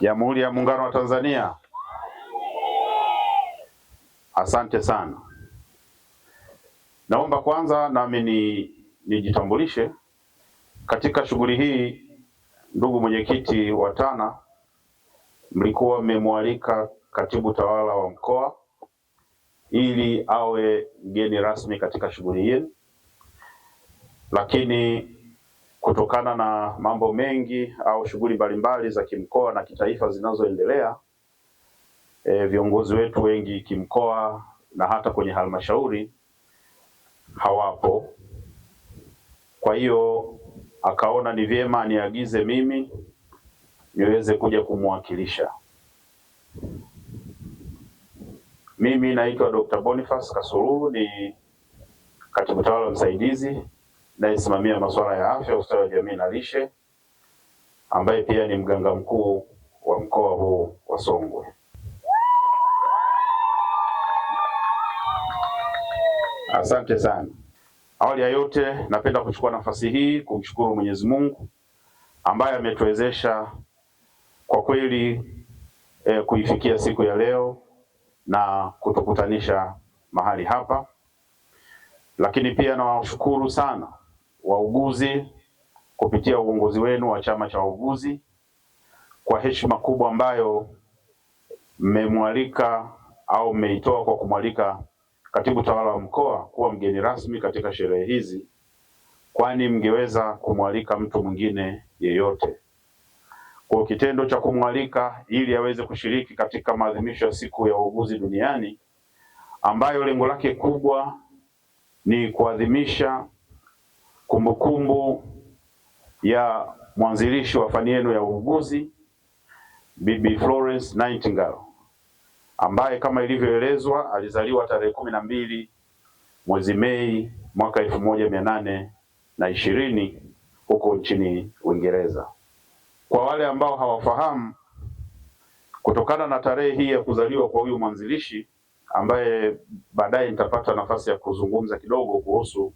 Jamhuri ya Muungano wa Tanzania. Asante sana. Naomba kwanza nami ni nijitambulishe katika shughuli hii. Ndugu mwenyekiti wa TANA, mlikuwa mmemwalika katibu tawala wa mkoa ili awe mgeni rasmi katika shughuli hii, lakini kutokana na mambo mengi au shughuli mbalimbali za kimkoa na kitaifa zinazoendelea. E, viongozi wetu wengi kimkoa na hata kwenye halmashauri hawapo. Kwa hiyo akaona ni vyema aniagize mimi niweze kuja kumwakilisha. Mimi naitwa Dr. Boniface Kasululu ni katibu tawala msaidizi nayesimamia masuala ya afya, ustawi wa jamii na lishe, ambaye pia ni mganga mkuu wa mkoa huu wa Songwe. Asante sana. Awali ya yote, napenda kuchukua nafasi hii kumshukuru Mwenyezi Mungu ambaye ametuwezesha kwa kweli eh, kuifikia siku ya leo na kutukutanisha mahali hapa, lakini pia nawashukuru sana wauguzi kupitia uongozi wenu wa chama cha wauguzi, kwa heshima kubwa ambayo mmemwalika au mmeitoa kwa kumwalika katibu tawala wa mkoa kuwa mgeni rasmi katika sherehe hizi, kwani mngeweza kumwalika mtu mwingine yeyote. Kwa kitendo cha kumwalika ili aweze kushiriki katika maadhimisho ya siku ya wauguzi duniani ambayo lengo lake kubwa ni kuadhimisha kumbukumbu ya mwanzilishi wa fani yenu ya uuguzi Bibi Florence Nightingale ambaye kama ilivyoelezwa alizaliwa tarehe kumi na mbili mwezi Mei mwaka elfu moja mia nane na ishirini huko nchini Uingereza. Kwa wale ambao hawafahamu, kutokana na tarehe hii ya kuzaliwa kwa huyu mwanzilishi ambaye baadaye nitapata nafasi ya kuzungumza kidogo kuhusu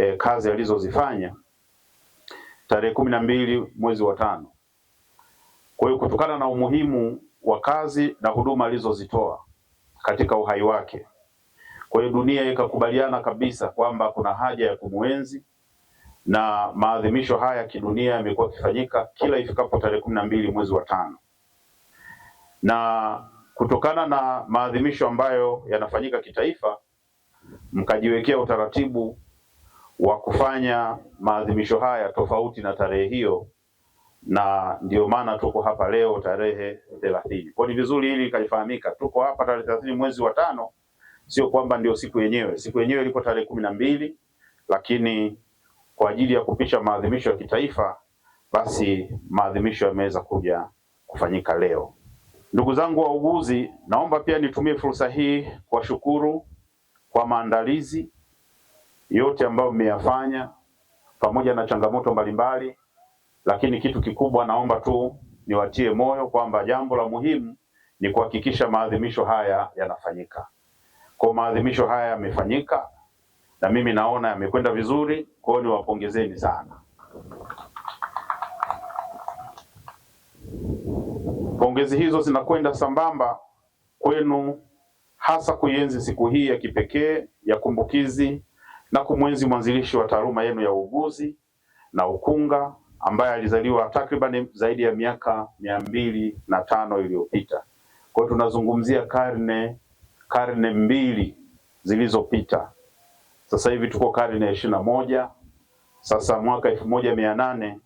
e, kazi alizozifanya tarehe kumi na mbili mwezi wa tano. Kwa hiyo kutokana na umuhimu wa kazi na huduma alizozitoa katika uhai wake, kwa hiyo dunia ikakubaliana kabisa kwamba kuna haja ya kumwenzi na maadhimisho haya kidunia yamekuwa yakifanyika kila ifikapo tarehe kumi na mbili mwezi wa tano, na kutokana na maadhimisho ambayo yanafanyika kitaifa, mkajiwekea utaratibu wa kufanya maadhimisho haya tofauti na tarehe hiyo, na ndio maana tuko hapa leo tarehe thelathini. Kwa ni vizuri hili likalifahamika, tuko hapa tarehe thelathini mwezi wa tano, sio kwamba ndio siku yenyewe. Siku yenyewe ilikuwa tarehe kumi na mbili, lakini kwa ajili ya kupisha maadhimisho ya kitaifa, basi maadhimisho yameweza kuja kufanyika leo. Ndugu zangu wauguzi, naomba pia nitumie fursa hii kuwashukuru kwa maandalizi yote ambayo mmeyafanya pamoja na changamoto mbalimbali, lakini kitu kikubwa naomba tu niwatie moyo kwamba jambo la muhimu ni kuhakikisha maadhimisho haya yanafanyika. Kwa maadhimisho haya yamefanyika na mimi naona yamekwenda vizuri, kwa hiyo niwapongezeni sana. Pongezi hizo zinakwenda sambamba kwenu, hasa kuienzi siku hii ya kipekee ya kumbukizi na kumwenzi mwanzilishi wa taaluma yenu ya uuguzi na ukunga ambaye alizaliwa takriban zaidi ya miaka mia mbili na tano iliyopita. Kwa hiyo tunazungumzia karne karne mbili zilizopita. Sasa hivi tuko karne ya ishirini na moja. Sasa mwaka elfu moja mia nane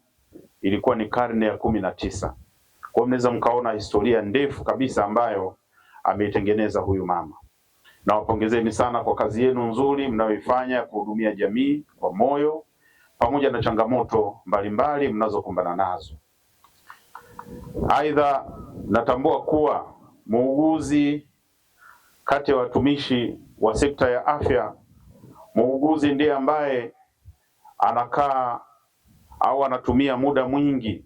ilikuwa ni karne ya kumi na tisa. Kwa hiyo mnaweza mkaona historia ndefu kabisa ambayo ameitengeneza huyu mama. Nawapongezeni sana kwa kazi yenu nzuri mnayoifanya kuhudumia jamii kwa moyo, pamoja na changamoto mbalimbali mnazokumbana nazo. Aidha, natambua kuwa muuguzi kati ya watumishi wa sekta ya afya, muuguzi ndiye ambaye anakaa au anatumia muda mwingi,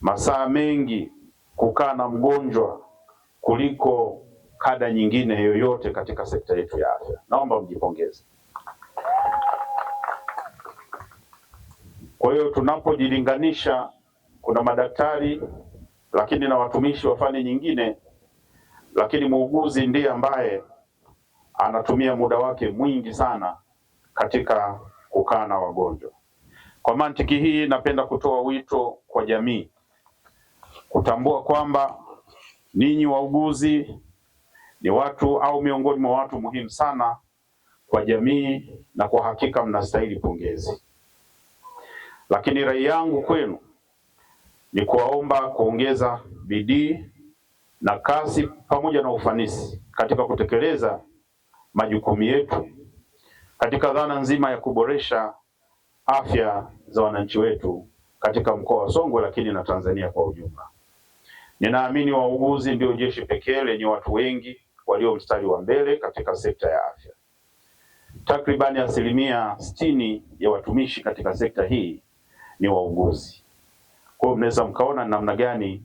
masaa mengi kukaa na mgonjwa kuliko kada nyingine yoyote katika sekta yetu ya afya. Naomba mjipongeze. Kwa hiyo tunapojilinganisha, kuna madaktari lakini na watumishi wa fani nyingine, lakini muuguzi ndiye ambaye anatumia muda wake mwingi sana katika kukaa na wagonjwa. Kwa mantiki hii, napenda kutoa wito kwa jamii kutambua kwamba ninyi wauguzi ni watu au miongoni mwa watu muhimu sana kwa jamii, na kwa hakika mnastahili pongezi. Lakini rai yangu kwenu ni kuwaomba kuongeza bidii na kasi pamoja na ufanisi katika kutekeleza majukumu yetu katika dhana nzima ya kuboresha afya za wananchi wetu katika mkoa wa Songwe, lakini na Tanzania kwa ujumla. Ninaamini wauguzi ndio jeshi pekee lenye watu wengi walio mstari wa mbele katika sekta ya afya. Takribani asilimia sitini ya watumishi katika sekta hii ni wauguzi. Kwa hiyo mnaweza mkaona namna gani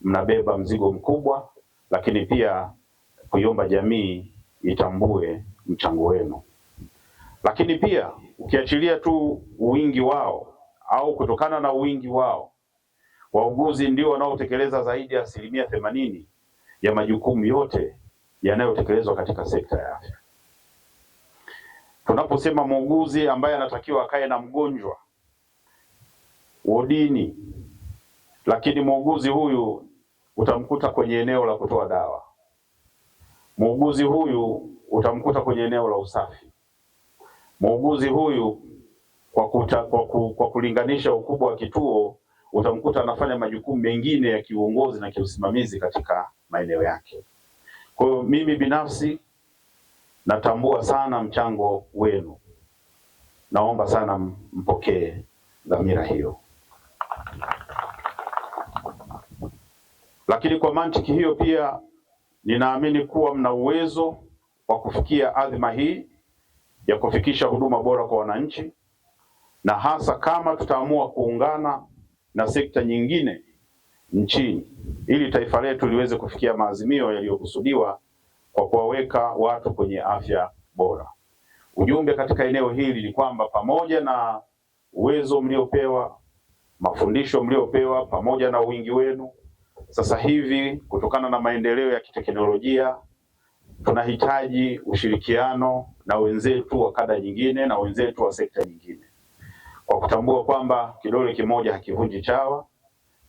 mnabeba mzigo mkubwa, lakini pia kuiomba jamii itambue mchango wenu. Lakini pia ukiachilia tu wingi wao au kutokana na wingi wao, wauguzi ndio wanaotekeleza zaidi ya asilimia themanini ya majukumu yote yanayotekelezwa katika sekta ya afya. Tunaposema muuguzi ambaye anatakiwa akae na mgonjwa wodini, lakini muuguzi huyu utamkuta kwenye eneo la kutoa dawa, muuguzi huyu utamkuta kwenye eneo la usafi, muuguzi huyu kwa, kuta, kwa, ku, kwa kulinganisha ukubwa wa kituo utamkuta anafanya majukumu mengine ya kiuongozi na kiusimamizi katika maeneo yake. Kwa hiyo mimi binafsi natambua sana mchango wenu, naomba sana mpokee dhamira hiyo. Lakini kwa mantiki hiyo pia ninaamini kuwa mna uwezo wa kufikia adhima hii ya kufikisha huduma bora kwa wananchi, na hasa kama tutaamua kuungana na sekta nyingine nchini ili taifa letu liweze kufikia maazimio yaliyokusudiwa kwa kuwaweka watu kwenye afya bora. Ujumbe katika eneo hili ni kwamba pamoja na uwezo mliopewa, mafundisho mliopewa, pamoja na wingi wenu, sasa hivi kutokana na maendeleo ya kiteknolojia tunahitaji ushirikiano na wenzetu wa kada nyingine na wenzetu wa sekta nyingine, kwa kutambua kwamba kidole kimoja hakivunji chawa.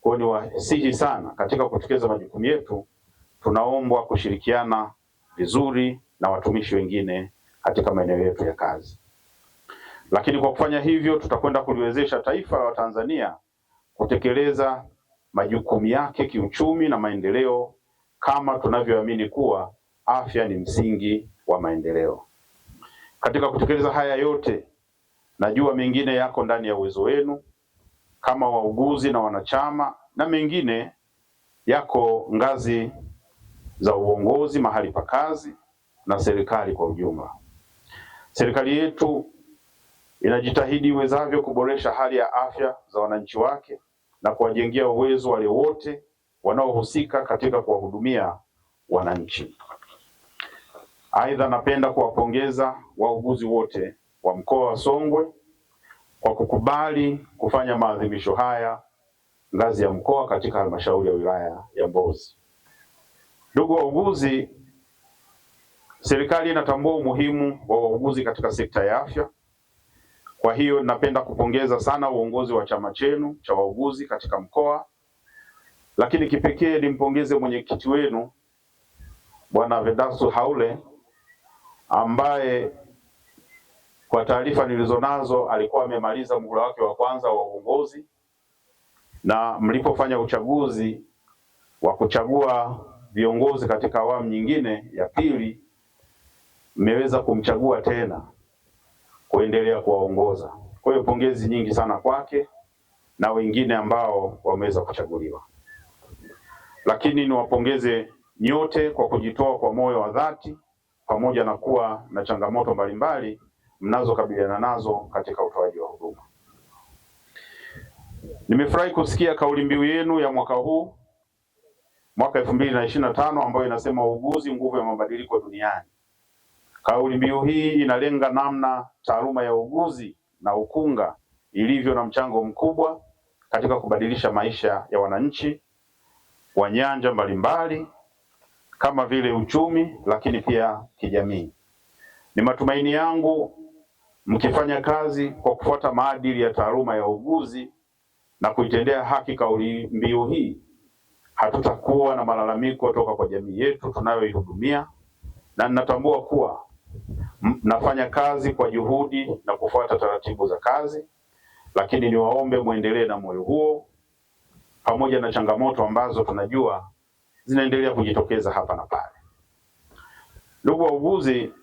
Kwa hiyo wasihi sana katika kutekeleza majukumu yetu, tunaombwa kushirikiana vizuri na watumishi wengine katika maeneo yetu ya kazi, lakini kwa kufanya hivyo tutakwenda kuliwezesha taifa la Watanzania kutekeleza majukumu yake kiuchumi na maendeleo, kama tunavyoamini kuwa afya ni msingi wa maendeleo. Katika kutekeleza haya yote, najua mengine yako ndani ya uwezo wenu kama wauguzi na wanachama na mengine yako ngazi za uongozi mahali pa kazi na serikali kwa ujumla. Serikali yetu inajitahidi iwezavyo kuboresha hali ya afya za wananchi wake na kuwajengea uwezo wale wote wanaohusika katika kuwahudumia wananchi. Aidha, napenda kuwapongeza wauguzi wote wa mkoa wa Songwe kwa kukubali kufanya maadhimisho haya ngazi ya mkoa katika halmashauri ya wilaya ya Mbozi. Ndugu wauguzi, serikali inatambua umuhimu wa wauguzi katika sekta ya afya. Kwa hiyo napenda kupongeza sana uongozi wa chama chenu cha wauguzi katika mkoa, lakini kipekee nimpongeze mwenyekiti wenu Bwana vedasu Haule ambaye kwa taarifa nilizonazo, alikuwa amemaliza muhula wake wa kwanza wa uongozi, na mlipofanya uchaguzi wa kuchagua viongozi katika awamu nyingine ya pili, mmeweza kumchagua tena kuendelea kuwaongoza. Kwa hiyo pongezi nyingi sana kwake na wengine ambao wameweza kuchaguliwa. Lakini niwapongeze nyote kwa kujitoa kwa moyo wa dhati, pamoja na kuwa na changamoto mbalimbali, mnazokabiliana nazo katika utoaji wa huduma. Nimefurahi kusikia kauli mbiu yenu ya mwaka huu mwaka elfu mbili na ishirini na tano ambayo inasema uuguzi, nguvu ya mabadiliko duniani. Kauli mbiu hii inalenga namna taaluma ya uuguzi na ukunga ilivyo na mchango mkubwa katika kubadilisha maisha ya wananchi wa nyanja mbalimbali kama vile uchumi, lakini pia kijamii. Ni matumaini yangu mkifanya kazi kwa kufuata maadili ya taaluma ya uuguzi na kuitendea haki kauli mbiu hii, hatutakuwa na malalamiko toka kwa jamii yetu tunayoihudumia, na ninatambua kuwa mnafanya kazi kwa juhudi na kufuata taratibu za kazi, lakini niwaombe muendelee na moyo huo pamoja na changamoto ambazo tunajua zinaendelea kujitokeza hapa na pale. Ndugu wauguzi,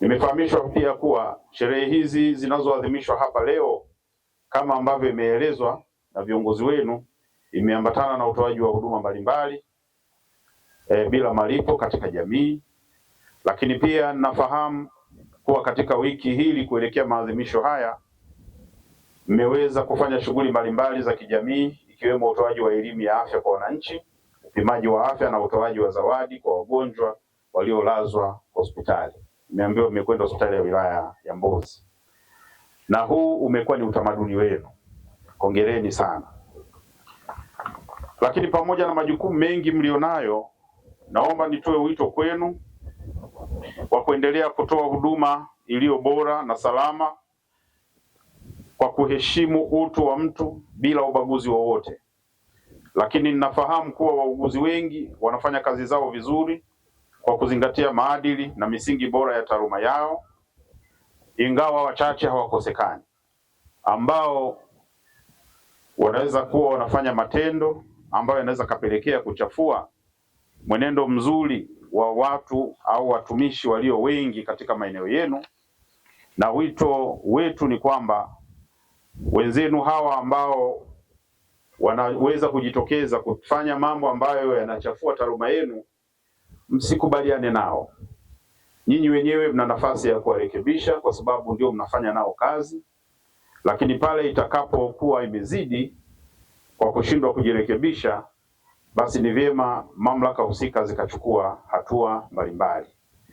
Nimefahamishwa pia kuwa sherehe hizi zinazoadhimishwa hapa leo kama ambavyo imeelezwa na viongozi wenu, imeambatana na utoaji wa huduma mbalimbali e, bila malipo katika jamii, lakini pia nafahamu kuwa katika wiki hili kuelekea maadhimisho haya mmeweza kufanya shughuli mbalimbali za kijamii ikiwemo utoaji wa elimu ya afya kwa wananchi, upimaji wa afya na utoaji wa zawadi kwa wagonjwa waliolazwa hospitali nimeambiwa mmekwenda hospitali ya wilaya ya Mbozi, na huu umekuwa ni utamaduni wenu, kongereni sana. Lakini pamoja na majukumu mengi mlionayo, naomba nitoe wito kwenu wa kuendelea kutoa huduma iliyo bora na salama kwa kuheshimu utu wa mtu bila ubaguzi wowote. Lakini ninafahamu kuwa wauguzi wengi wanafanya kazi zao vizuri kwa kuzingatia maadili na misingi bora ya taaluma yao, ingawa wachache hawakosekani ambao wanaweza kuwa wanafanya matendo ambayo yanaweza kapelekea kuchafua mwenendo mzuri wa watu au watumishi walio wengi katika maeneo yenu, na wito wetu ni kwamba wenzenu hawa ambao wanaweza kujitokeza kufanya mambo ambayo yanachafua taaluma yenu msikubaliane nao. Nyinyi wenyewe mna nafasi ya kuwarekebisha, kwa sababu ndio mnafanya nao kazi, lakini pale itakapokuwa imezidi kwa kushindwa kujirekebisha, basi ni vyema mamlaka husika zikachukua hatua mbalimbali.